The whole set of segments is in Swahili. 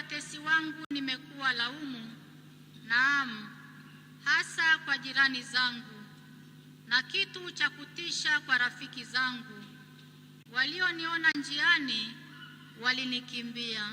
watesi wangu nimekuwa laumu, naam, hasa kwa jirani zangu na kitu cha kutisha kwa rafiki zangu. Walioniona njiani walinikimbia.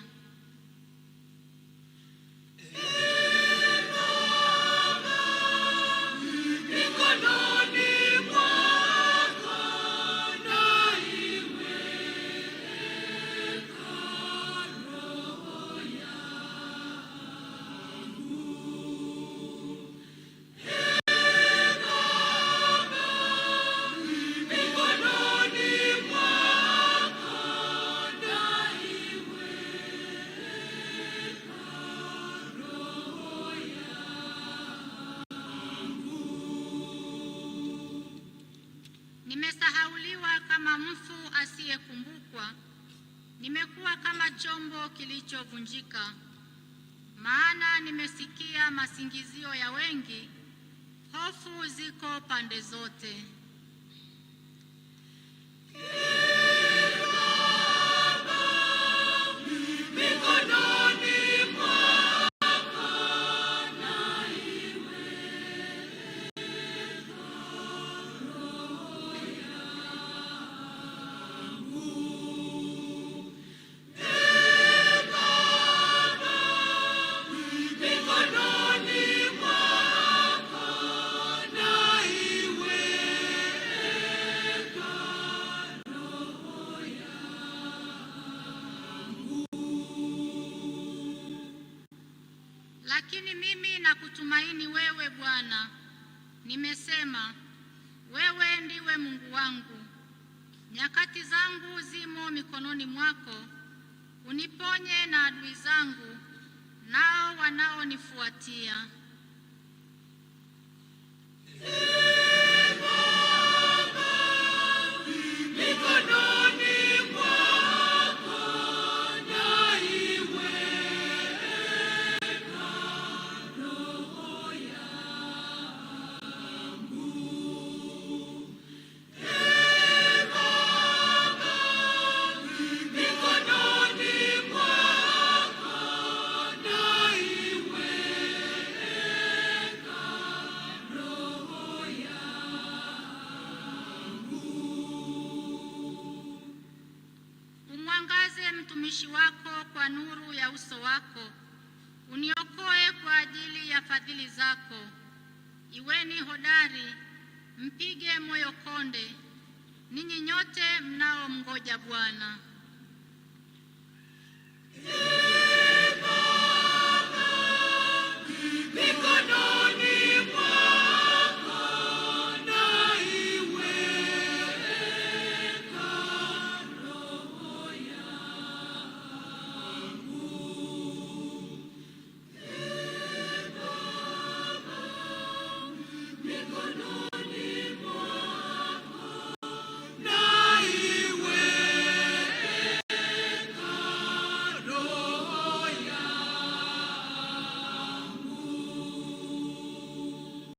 Nimesahauliwa kama mfu asiyekumbukwa, nimekuwa kama chombo kilichovunjika, maana nimesikia masingizio ya wengi, hofu ziko pande zote. Lakini mimi nakutumaini wewe Bwana, nimesema wewe ndiwe Mungu wangu. Nyakati zangu zimo mikononi mwako, uniponye na adui zangu nao wanaonifuatia. mtumishi wako kwa nuru ya uso wako, uniokoe kwa ajili ya fadhili zako. Iweni hodari, mpige moyo konde, ninyi nyote mnaomngoja Bwana.